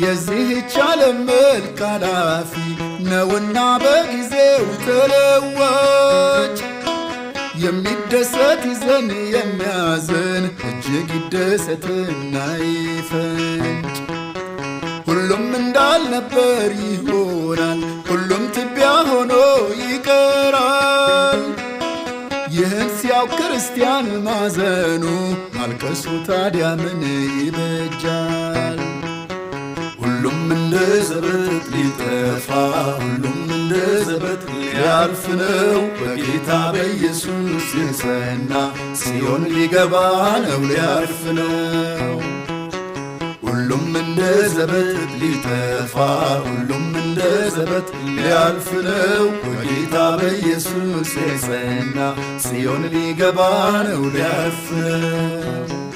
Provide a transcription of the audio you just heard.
የዚህች ዓለም መልክ አላፊ ነውና በጊዜው ተለዋጭ የሚደሰት ይዘን የሚያዘን እጅግ ይደሰትና ይፈንጭ። ሁሉም እንዳልነበር ይሆናል፣ ሁሉም ትቢያ ሆኖ ይቀራል። ይህን ሲያው ክርስቲያን ማዘኑ ማልቀሱ ታዲያ ምን ይበጃል? እንደ ዘበት ሊጠፋ ሁሉም እንደ ዘበት ሊያልፍ ነው። በጌታ በኢየሱስ ልንሰና ሲሆን ሊገባ ነው ሊያልፍ ነው። ሁሉም እንደ ዘበት ሊጠፋ ሁሉም እንደ ዘበት ሊያልፍ ነው። በጌታ በኢየሱስ ልንሰና ሲሆን ሊገባ ነው ሊያልፍ ነው።